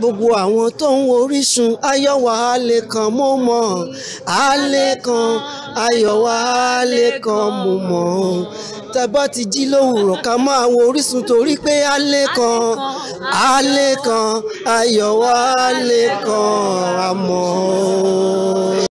gbogbo àwọn tó ń wo Orísun ayọ̀ wa alẹ kan mo mọ̀ alẹ kan ayọ̀ wa kan mo mọ̀ tẹ́bá ti jí lówùrọ̀ ká máa wo torí pé alẹ́ kan alẹ́ kan ayọ̀ alẹ́ kan àmọ́.